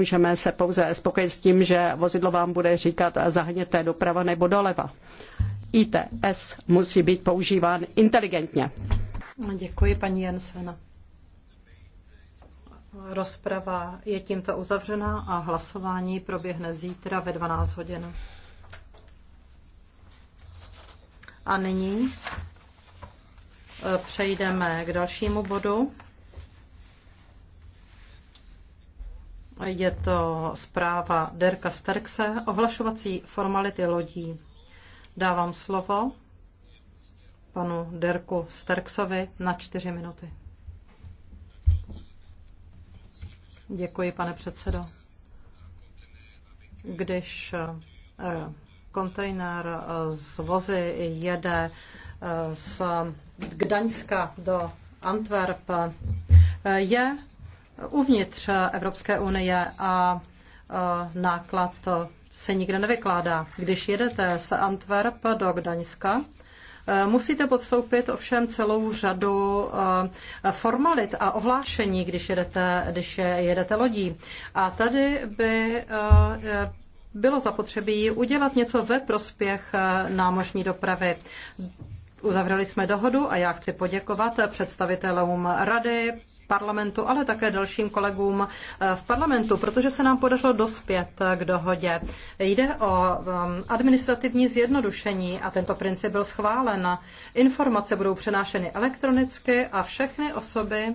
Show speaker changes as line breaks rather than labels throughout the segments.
nemůžeme se pouze spokojit s tím, že vozidlo vám bude říkat zahněte doprava nebo doleva. ITS musí být používán inteligentně.
No, děkuji, paní Jensena. Rozprava je tímto uzavřena a hlasování proběhne zítra ve 12 hodin. A nyní eh, přejdeme k dalšímu bodu. Je to zpráva Derka Sterkse, ohlašovací formality lodí. Dávám slovo panu Derku Sterksovi na čtyři minuty. Děkuji, pane předsedo. Když eh, kontejner eh, z vozy jede eh, z Gdaňska do Antwerp, je uvnitř Evropské unie a náklad se nikde nevykládá. Když jedete z Antwerp do Gdaňska, Musíte podstoupit ovšem celou řadu e, formalit a ohlášení, když jedete, když jedete lodí. A tady by e, bylo zapotřebí udělat něco ve prospěch e, námořní dopravy. Uzavřeli jsme dohodu a já chci poděkovat představitelům rady, parlamentu, ale také dalším kolegům eh, v parlamentu, protože se nám podařilo dospět eh, k dohodě. Jde o eh, administrativní zjednodušení a tento princip byl schválen. Informace budou přenášeny elektronicky a všechny osoby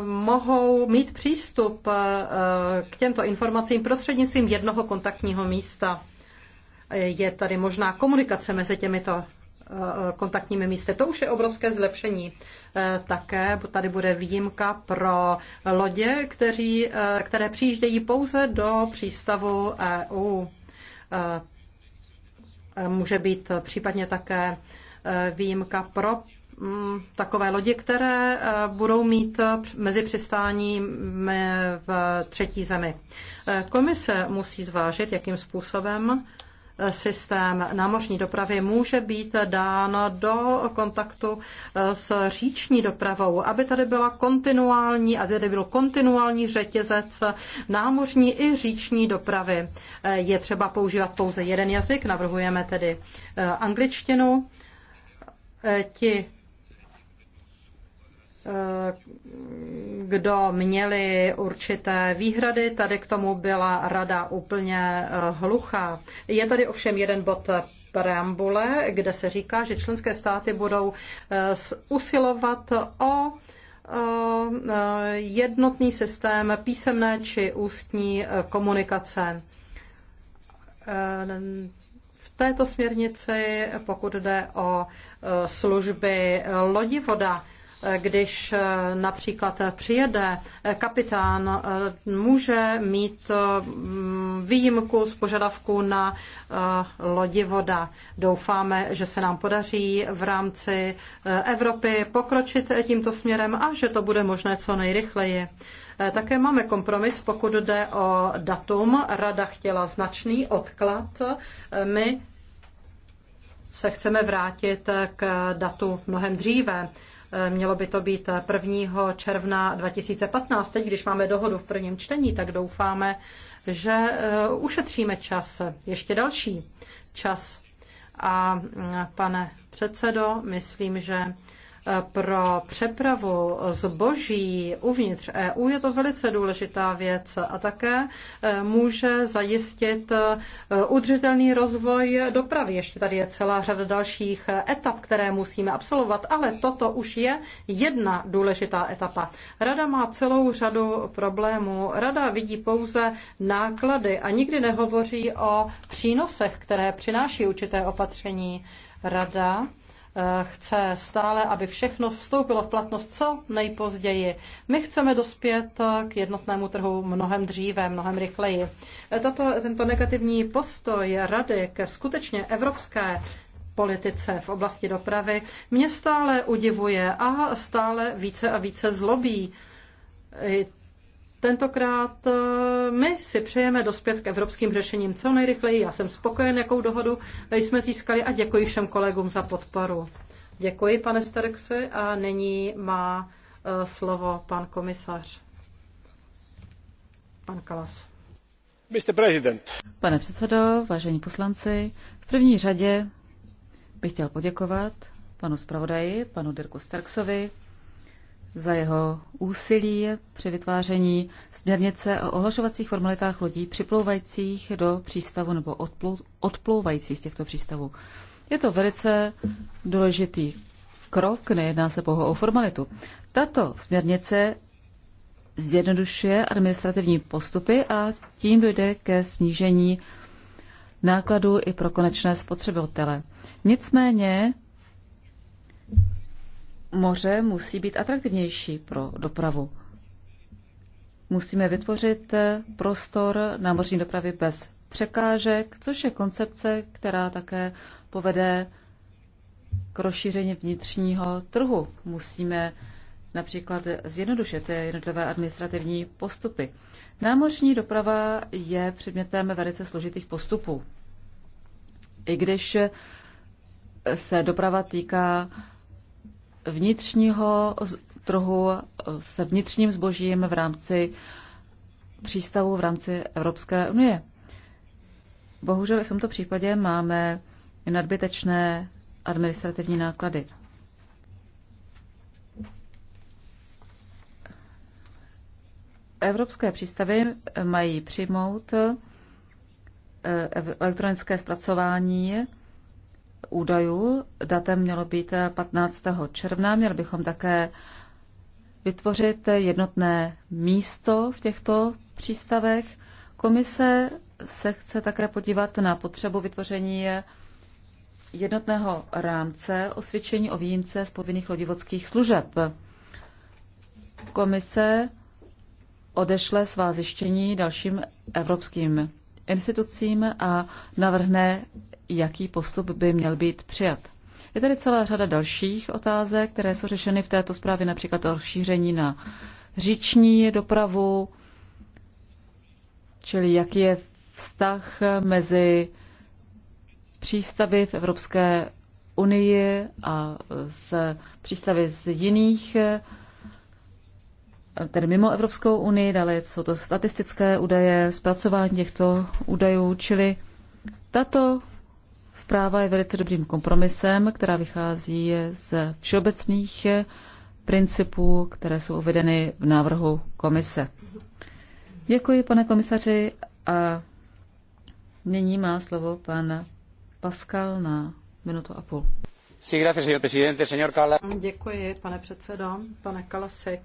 mohou mít přístup k těmto informacím prostřednictvím jednoho kontaktního místa. Je tady možná komunikace mezi těmito kontaktními místy. To už je obrovské zlepšení. Eh, také tady bude výjimka pro lodě, kteří, eh, které přijíždějí pouze do přístavu EU. Eh, může být případně také výjimka pro mm, takové lodi, které budou mít mezi přistáním v třetí zemi. Komise musí zvážit, jakým způsobem Eh, systém námořní dopravy může být dán do kontaktu eh, s říční dopravou, aby tady byla kontinuální, aby tady byl kontinuální řetězec námořní i říční dopravy. Eh, je třeba používat pouze jeden jazyk, navrhujeme tedy angličtinu. Ti Eh, kdo měli určité výhrady, tady k tomu byla rada úplně eh, hluchá. Je tady ovšem jeden bod preambule, kde se říká, že členské státy budou eh, usilovat o jednotný systém písemné či ústní komunikace. V této směrnici, pokud jde o služby lodivoda, když eh, například eh, přijede eh, kapitán, může mít mm, výjimku z požadavku na voda Doufáme, že se nám podaří v rámci Evropy pokročit tímto směrem a že to bude možné co nejrychleji. Také máme kompromis, pokud jde o datum. Rada chtěla značný odklad. My se chceme vrátit k datu mnohem dříve. Mělo by to být 1. června 2015. Teď, když máme dohodu v prvním čtení, tak doufáme, že eh, ušetříme čas, ještě další čas. A mm, pane předsedo, myslím, že pro přepravu zboží uvnitř EU je to velice důležitá věc a také eh, může zajistit eh, udržitelný rozvoj dopravy. Ještě tady je celá řada dalších etap, které musíme absolvovat, ale toto už je jedna důležitá etapa. Rada má celou řadu problémů. Rada vidí pouze náklady a nikdy nehovoří o přínosech, které přináší určité opatření. Rada Eh, chce stále, aby všechno vstoupilo v platnost co nejpozději. My chceme dospět eh, k jednotnému trhu mnohem dříve, mnohem rychleji. Eh, tato, tento negativní postoj rady ke skutečně evropské politice v oblasti dopravy mě stále udivuje a stále více a více zlobí Tentokrát eh, my si přejeme dospět k evropským řešením co nejrychleji. Já jsem spokojen, jakou dohodu jsme získali a děkuji všem kolegům za podporu. Děkuji, pane Sterksy, a nyní má eh, slovo pan komisař.
Pan Kalas. Mr. President. Pane předsedo, vážení poslanci, v první řadě bych chtěl poděkovat panu zpravodaji, panu Dirku Starksovi, za jeho úsilí při vytváření směrnice o ohlašovacích formalitách lodí připlouvajících do přístavu nebo odplouvajících z těchto přístavů. Je to velice důležitý krok, nejedná se pouze o formalitu. Tato směrnice zjednodušuje administrativní postupy a tím dojde ke snížení nákladů i pro konečné spotřebitele. Nicméně moře musí být atraktivnější pro dopravu. Musíme vytvořit prostor námořní dopravy bez překážek, což je koncepce, která také povede k rozšíření vnitřního trhu. Musíme například zjednodušit jednotlivé administrativní postupy. Námořní doprava je předmětem velice složitých postupů. I když se doprava týká vnitřního trhu se vnitřním zbožím v rámci přístavu v rámci Evropské unie. Bohužel v tomto případě máme nadbytečné administrativní náklady. Evropské přístavy mají přijmout eh, elektronické zpracování údajů. Datem mělo být 15. června. Měli bychom také vytvořit jednotné místo v těchto přístavech. Komise se chce také podívat na potřebu vytvoření jednotného rámce osvědčení o výjimce z povinných lodivodských služeb. Komise odešle svá zjištění dalším evropským institucím a navrhne, jaký postup by měl být přijat. Je tady celá řada dalších otázek, které jsou řešeny v této zprávě, například o rozšíření na říční dopravu, čili jaký je vztah mezi přístavy v Evropské unii a s přístavy z jiných tedy mimo Evropskou unii, dále jsou to statistické údaje, zpracování těchto údajů, čili tato zpráva je velice dobrým kompromisem, která vychází z všeobecných principů, které jsou uvedeny v návrhu komise. Děkuji, pane komisaři, a nyní má slovo pan Pascal na minutu a půl.
Děkuji, pane předsedající pane Kalasi.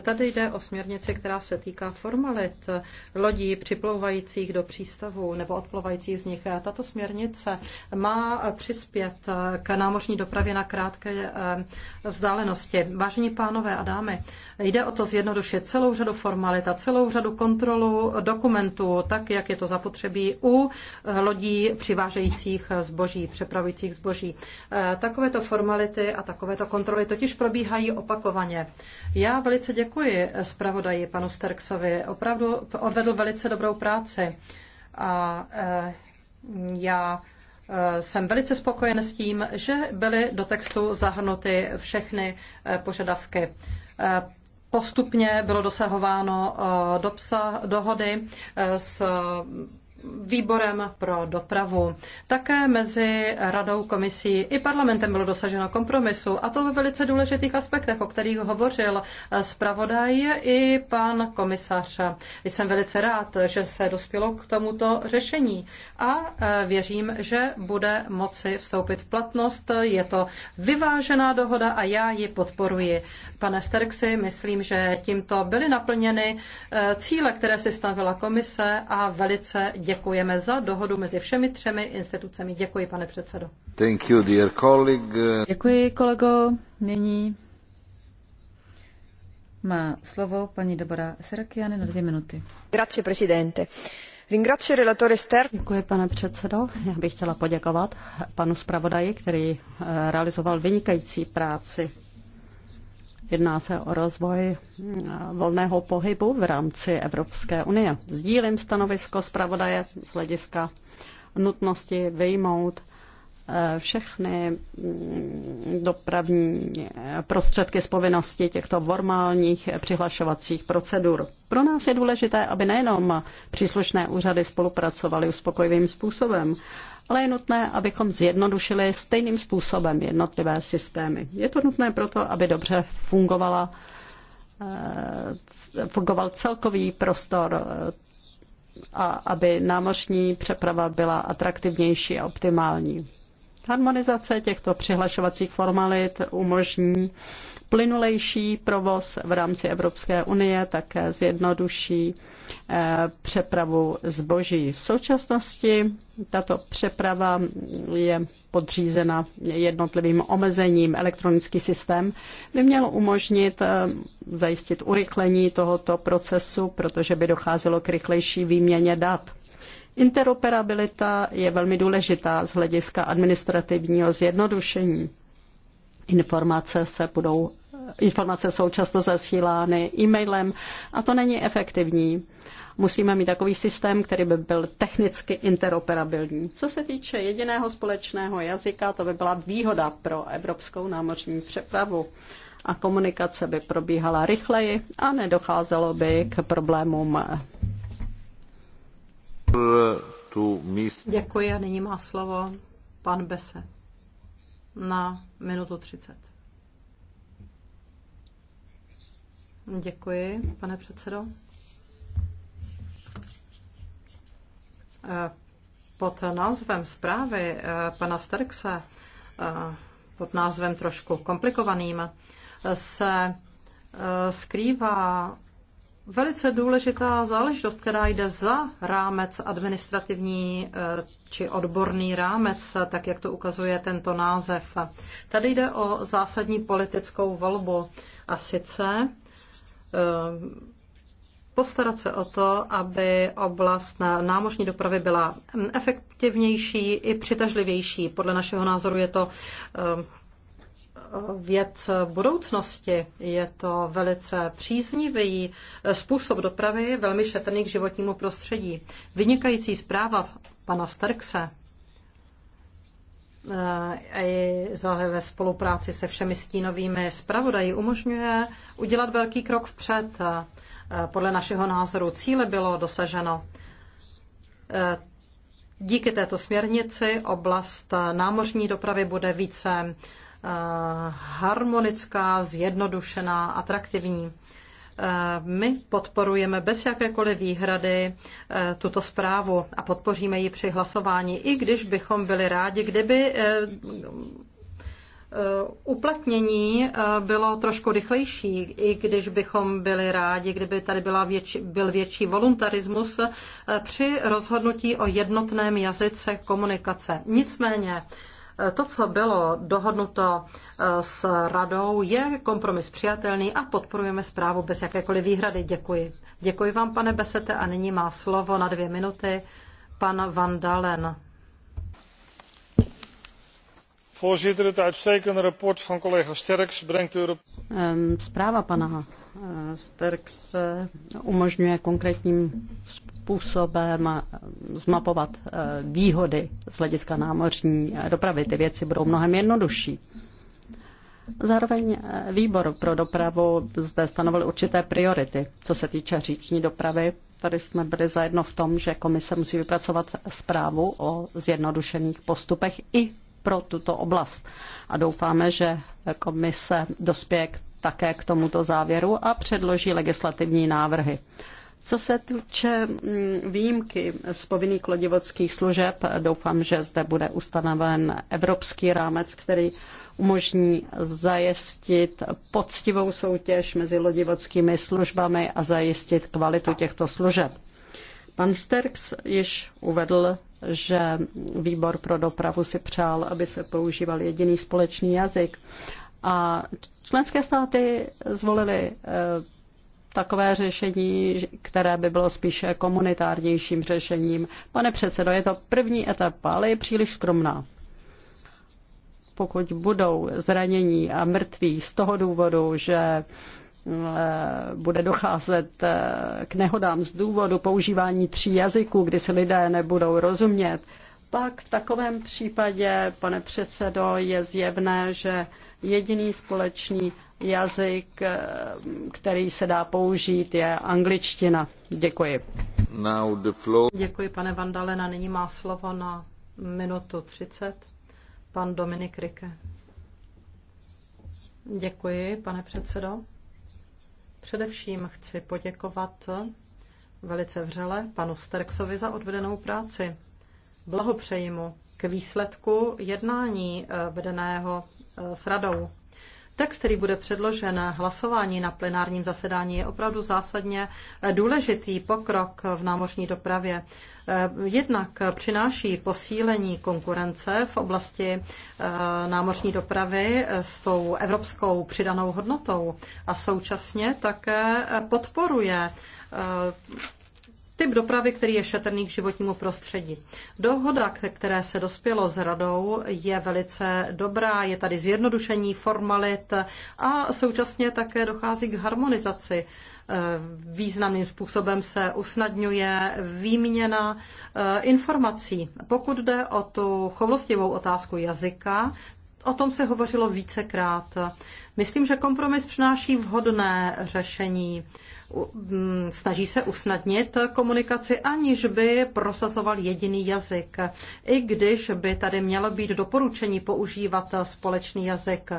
Tady jde o směrnici, která se týká formalit lodí připlouvajících do přístavu nebo odplouvajících z nich. Tato směrnice má přispět k námořní dopravě na krátké eh, vzdálenosti. Vážení pánové a dámy, jde o to zjednodušit celou řadu formalit a celou řadu kontrolu dokumentů, tak jak je to zapotřebí u lodí přivážejících zboží, přepravujících zboží. Eh, Takové Takovéto formality a takovéto kontroly totiž probíhají opakovaně. Já velice děkuji zpravodaji panu Sterksovi. Opravdu odvedl velice dobrou práci. A eh, já eh, jsem velice spokojen s tím, že byly do textu zahrnuty všechny eh, požadavky. Postupně bylo dosahováno dopsa dohody s výborem pro dopravu. Také mezi radou, komisí i parlamentem bylo dosaženo kompromisu a to ve velice důležitých aspektech, o kterých hovořil eh, zpravodaj i pan komisař. Jsem velice rád, že se dospělo k tomuto řešení a eh, věřím, že bude moci vstoupit v platnost. Je to vyvážená dohoda a já ji podporuji. Pane Sterksi, myslím, že tímto byly naplněny eh, cíle, které si stavila komise a velice děkuji děkujeme za dohodu mezi všemi třemi institucemi. Děkuji,
pane předsedo.
Thank you, dear colleague. Děkuji,
kolego. Nyní má slovo paní Dobora Serakiany na dvě minuty. Grazie,
presidente. Děkuji, pane předsedo. Já bych chtěla poděkovat panu zpravodaji, který eh, realizoval vynikající práci. Jedná se o rozvoj eh, volného pohybu v rámci Evropské unie. Sdílím stanovisko zpravodaje z hlediska nutnosti vyjmout všechny mm, dopravní prostředky z povinnosti těchto formálních přihlašovacích procedur. Pro nás je důležité, aby nejenom příslušné úřady spolupracovaly uspokojivým způsobem, ale je nutné, abychom zjednodušili stejným způsobem jednotlivé systémy. Je to nutné proto, aby dobře fungovala, eh, fungoval celkový prostor eh, a aby námořní přeprava byla atraktivnější a optimální. Harmonizace těchto přihlašovacích formalit umožní plynulejší provoz v rámci Evropské unie, také zjednoduší eh, přepravu zboží. V současnosti tato přeprava je podřízena jednotlivým omezením. Elektronický systém by měl umožnit eh, zajistit urychlení tohoto procesu, protože by docházelo k rychlejší výměně dat. Interoperabilita je velmi důležitá z hlediska administrativního zjednodušení. Informace se budou informace jsou často zasílány e-mailem a to není efektivní. Musíme mít takový systém, který by byl technicky interoperabilní. Co se týče jediného společného jazyka, to by byla výhoda pro evropskou námořní přepravu a komunikace by probíhala rychleji a nedocházelo by k problémům
míst. Děkuji a nyní má slovo pan Bese na minutu 30. Děkuji, pane předsedo. Eh, pod názvem zprávy eh, pana Sterkse, eh, pod názvem trošku komplikovaným, se skrývá velice důležitá záležitost, která jde za rámec administrativní eh, či odborný rámec, tak jak to ukazuje tento název. Tady jde o zásadní politickou volbu a sice eh, postarat se o to, aby oblast na námořní dopravy byla efektivnější i přitažlivější. Podle našeho názoru je to eh, věc budoucnosti. Je to velice příznivý eh, způsob dopravy, velmi šetrný k životnímu prostředí. Vynikající zpráva pana Starkse eh, i ve spolupráci se všemi stínovými zpravodaji umožňuje udělat velký krok vpřed. Eh, podle našeho názoru cíle bylo dosaženo. Díky této směrnici oblast námořní dopravy bude více Eh, harmonická, zjednodušená, atraktivní. Eh, my podporujeme bez jakékoliv výhrady eh, tuto zprávu a podpoříme ji při hlasování, i když bychom byli rádi, kdyby uplatnění bylo trošku rychlejší, i když bychom byli rádi, kdyby tady byla větši, byl větší voluntarismus při rozhodnutí o jednotném jazyce komunikace. Nicméně Eh, to, co bylo dohodnuto eh, s radou, je kompromis přijatelný a podporujeme zprávu bez jakékoliv výhrady. Děkuji. Děkuji vám, pane Besete, a nyní má slovo na dvě minuty pan Van Dalen. Voorzitter, het uitstekende rapport van collega Sterks brengt
ehm, Zpráva pana eh, Sterks umožňuje konkrétním způsobem způsobem eh, zmapovat eh, výhody z hlediska námořní eh, dopravy. Ty věci budou mnohem jednodušší. Zároveň výbor pro dopravu zde stanovil určité priority, co se týče říční dopravy. Tady jsme byli zajedno v tom, že komise musí vypracovat zprávu o zjednodušených postupech i pro tuto oblast. A doufáme, že komise dospěje také k tomuto závěru a předloží legislativní návrhy. Co se týče mm, výjimky z povinných lodivodských služeb, doufám, že zde bude ustanoven evropský rámec, který umožní zajistit poctivou soutěž mezi lodivodskými službami a zajistit kvalitu těchto služeb. Pan Sterks již uvedl, že výbor pro dopravu si přál, aby se používal jediný společný jazyk. A členské státy zvolily eh, takové řešení, které by bylo spíše komunitárnějším řešením. Pane předsedo, je to první etapa, ale je příliš skromná. Pokud budou zranění a mrtví z toho důvodu, že eh, bude docházet eh, k nehodám z důvodu používání tří jazyků, kdy se lidé nebudou rozumět, pak v takovém případě, pane předsedo, je zjevné, že jediný společný jazyk, eh, který se dá použít, je angličtina. Děkuji.
Now the floor. Děkuji, pane Vandalena. Nyní má slovo na minutu 30 pan Dominik Rike. Děkuji, pane předsedo. Především chci poděkovat velice vřele panu Sterksovi za odvedenou práci. Blahopřeji mu k výsledku jednání eh, vedeného eh, s radou. Text, který bude předložen hlasování na plenárním zasedání, je opravdu zásadně důležitý pokrok v námořní dopravě. Eh, jednak přináší posílení konkurence v oblasti eh, námořní dopravy eh, s tou evropskou přidanou hodnotou a současně také podporuje typ dopravy, který je šetrný k životnímu prostředí. Dohoda, které se dospělo s radou, je velice dobrá. Je tady zjednodušení formalit a současně také dochází k harmonizaci eh, významným způsobem se usnadňuje výměna eh, informací. Pokud jde o tu chovostivou otázku jazyka, o tom se hovořilo vícekrát. Myslím, že kompromis přináší vhodné řešení. Mm, snaží se usnadnit komunikaci, aniž by prosazoval jediný jazyk. I když by tady mělo být doporučení používat společný jazyk.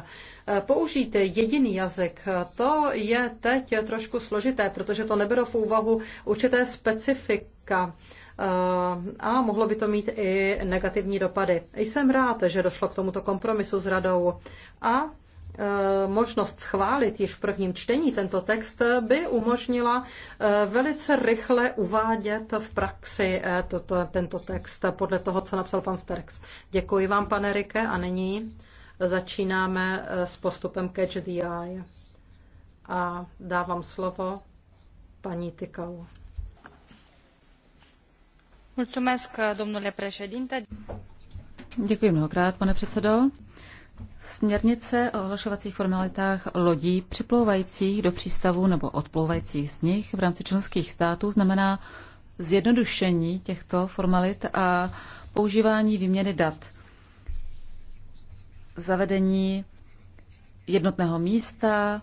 Použít jediný jazyk, to je teď trošku složité, protože to nebylo v úvahu určité specifika eh, a mohlo by to mít i negativní dopady. Jsem rád, že došlo k tomuto kompromisu s radou a Eh, možnost schválit již v prvním čtení tento text by umožnila eh, velice rychle uvádět v praxi eh, toto, tento text podle toho, co napsal pan Sterx. Děkuji vám, pane Rike, a nyní začínáme s postupem Catch the Eye. A dávám slovo paní Tykau. Mulțumesc, domnule președinte.
Děkuji mnohokrát, pane předsedo. Směrnice o ohlašovacích formalitách lodí připlouvajících do přístavu nebo odplouvajících z nich v rámci členských států znamená zjednodušení těchto formalit a používání výměny dat. Zavedení jednotného místa,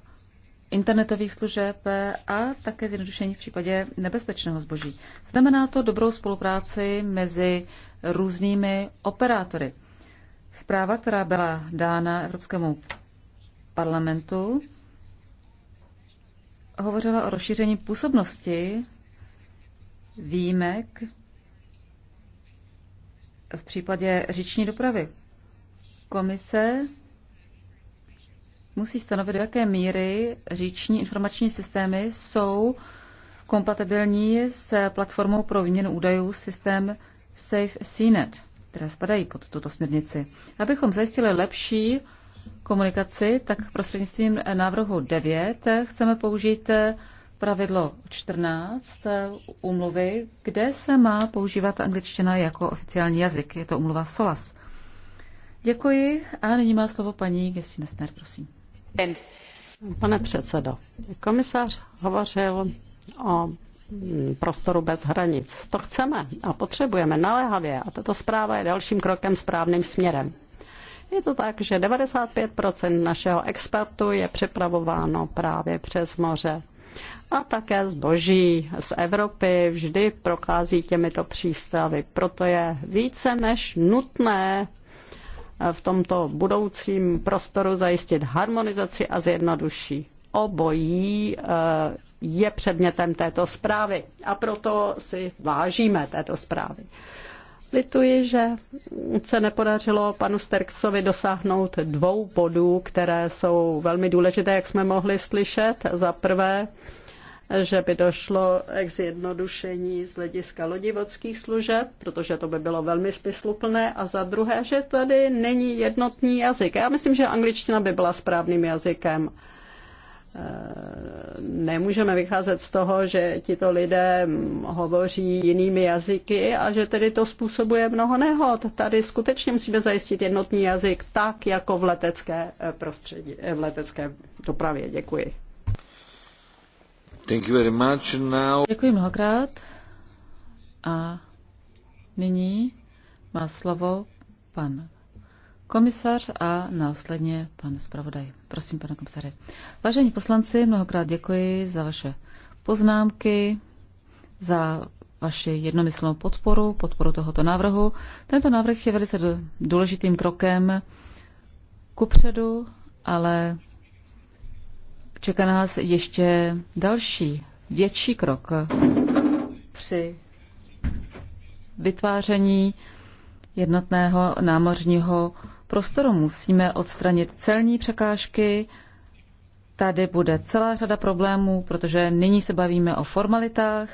internetových služeb a také zjednodušení v případě nebezpečného zboží. Znamená to dobrou spolupráci mezi různými operátory. Zpráva, která byla dána Evropskému parlamentu, hovořila o rozšíření působnosti výjimek v případě říční dopravy. Komise musí stanovit, do jaké míry říční informační systémy jsou kompatibilní s platformou pro výměnu údajů systém SafeCNet které spadají pod tuto směrnici. Abychom zajistili lepší komunikaci, tak prostřednictvím návrhu 9 chceme použít pravidlo 14 úmluvy, kde se má používat angličtina jako oficiální jazyk. Je to umluva SOLAS. Děkuji a nyní má slovo paní Gessi Messner, prosím. Pane
předsedo, komisař hovořil o Mm, prostoru bez hranic. To chceme a potřebujeme naléhavě a tato zpráva je dalším krokem správným směrem. Je to tak, že 95 našeho expertu je připravováno právě přes moře. A také zboží z Evropy vždy prochází těmito přístavy. Proto je více než nutné eh, v tomto budoucím prostoru zajistit harmonizaci a zjednoduší. Obojí eh, je předmětem této zprávy a proto si vážíme této zprávy. Lituji, že se nepodařilo panu Sterksovi dosáhnout dvou bodů, které jsou velmi důležité, jak jsme mohli slyšet. Za prvé, že by došlo k zjednodušení z hlediska lodivodských služeb, protože to by bylo velmi smysluplné, a za druhé, že tady není jednotný jazyk. Já myslím, že angličtina by byla správným jazykem. Eh, nemůžeme vycházet z toho, že tito lidé hovoří jinými jazyky a že tedy to způsobuje mnoho nehod. Tady skutečně musíme zajistit jednotný jazyk tak, jako v letecké eh, prostředí, eh, v letecké dopravě. Děkuji.
Thank you very much. Now... Děkuji mnohokrát. A nyní má slovo pan komisař a následně pan zpravodaj. Prosím, pane komisaře. Vážení poslanci, mnohokrát děkuji za vaše poznámky, za vaši jednomyslnou podporu, podporu tohoto návrhu. Tento návrh je velice důležitým krokem kupředu, ale čeká nás ještě další, větší krok při vytváření jednotného námořního prostoru. Musíme odstranit celní překážky. Tady bude celá řada problémů, protože nyní se bavíme o formalitách.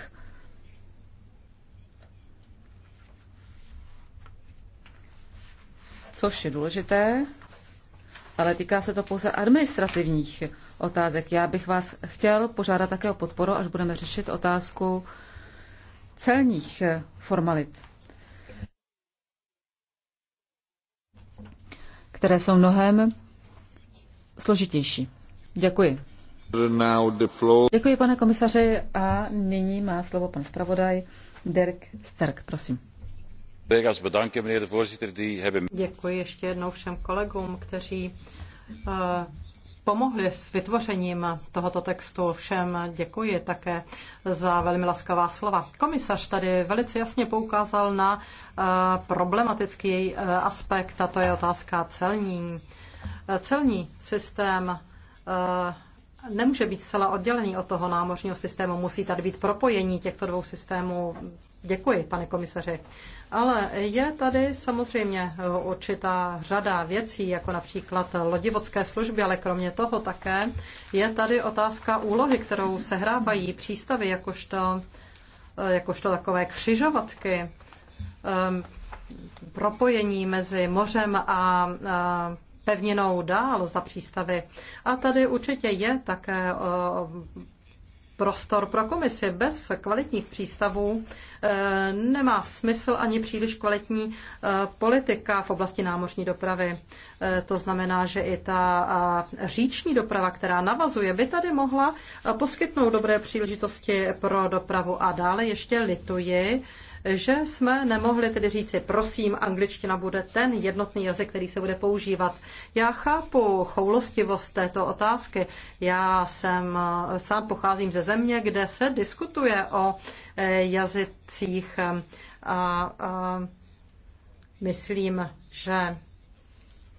Což je důležité, ale týká se to pouze administrativních otázek. Já bych vás chtěl požádat také o podporu, až budeme řešit otázku celních formalit. které jsou mnohem složitější. Děkuji. Děkuji, pane komisaři. A nyní má slovo pan zpravodaj Dirk Sterk, prosím. Děkuji
ještě jednou všem kolegům, kteří eh, pomohli s vytvořením tohoto textu. Všem děkuji také za velmi laskavá slova. Komisař tady velice jasně poukázal na eh, problematický eh, aspekt, a to je otázka celní. Eh, celní systém nemůže být zcela oddělený od toho námořního systému. Musí tady být propojení těchto dvou systémů. Děkuji, pane komisaři. Ale je tady samozřejmě eh, určitá řada věcí, jako například lodivodské služby, ale kromě toho také je tady otázka úlohy, kterou sehrávají přístavy, jakožto, eh, jakožto takové křižovatky, ehm, propojení mezi mořem a eh, pevninou dál za přístavy. A tady určitě je také prostor pro komisi. Bez kvalitních přístavů eh, nemá smysl ani příliš kvalitní eh, politika v oblasti námořní dopravy. Eh, to znamená, že i ta říční doprava, která navazuje, by tady mohla poskytnout dobré příležitosti pro dopravu. A dále ještě lituji, že jsme nemohli tedy říci, prosím, angličtina bude ten jednotný jazyk, který se bude používat. Já chápu choulostivost této otázky. Já jsem, eh, sám pocházím ze země, kde se diskutuje o eh, jazycích eh, a, a myslím, že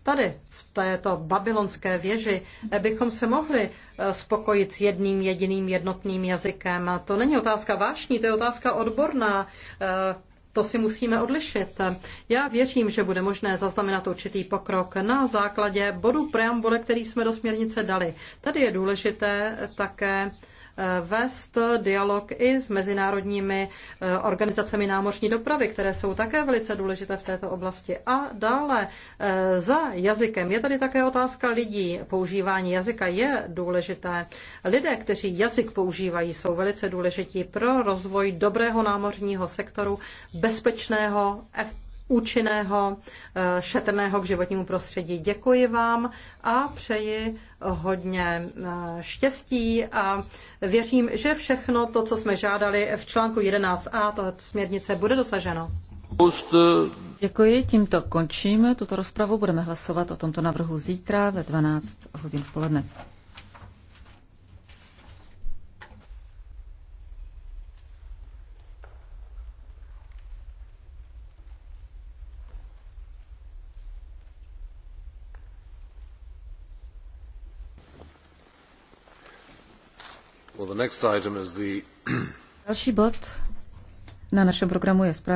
Tady v této babylonské věži bychom se mohli eh, spokojit s jedním jediným jednotným jazykem. A to není otázka vášní, to je otázka odborná. Eh, to si musíme odlišit. Já věřím, že bude možné zaznamenat určitý pokrok na základě bodu preambule, který jsme do směrnice dali. Tady je důležité také Eh, vést dialog i s mezinárodními eh, organizacemi námořní dopravy, které jsou také velice důležité v této oblasti. A dále eh, za jazykem je tady také otázka lidí. Používání jazyka je důležité. Lidé, kteří jazyk používají, jsou velice důležití pro rozvoj dobrého námořního sektoru, bezpečného, efektivního účinného, eh, šetrného k životnímu prostředí. Děkuji vám a přeji hodně eh, štěstí a věřím, že všechno to, co jsme žádali v článku 11a tohoto
směrnice, bude dosaženo. Eh, Děkuji, tímto končíme tuto rozpravu. Budeme hlasovat o tomto návrhu zítra ve 12 hodin v poledne. Další bod na našem programu je zpráva